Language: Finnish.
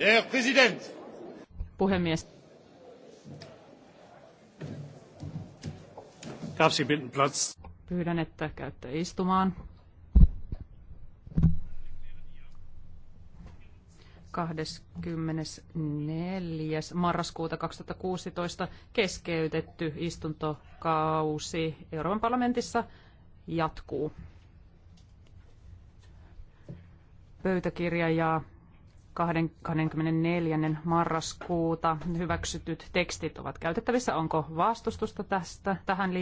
Der Präsident. Puhemies. Pyydän, että käytte istumaan. Kahdeskymmenesneljäs marraskuuta 2016 keskeytetty istuntokausi Euroopan parlamentissa jatkuu. Pöytäkirja ja 24. marraskuuta hyväksytyt tekstit ovat käytettävissä. Onko vastustusta tästä tähän liittyen?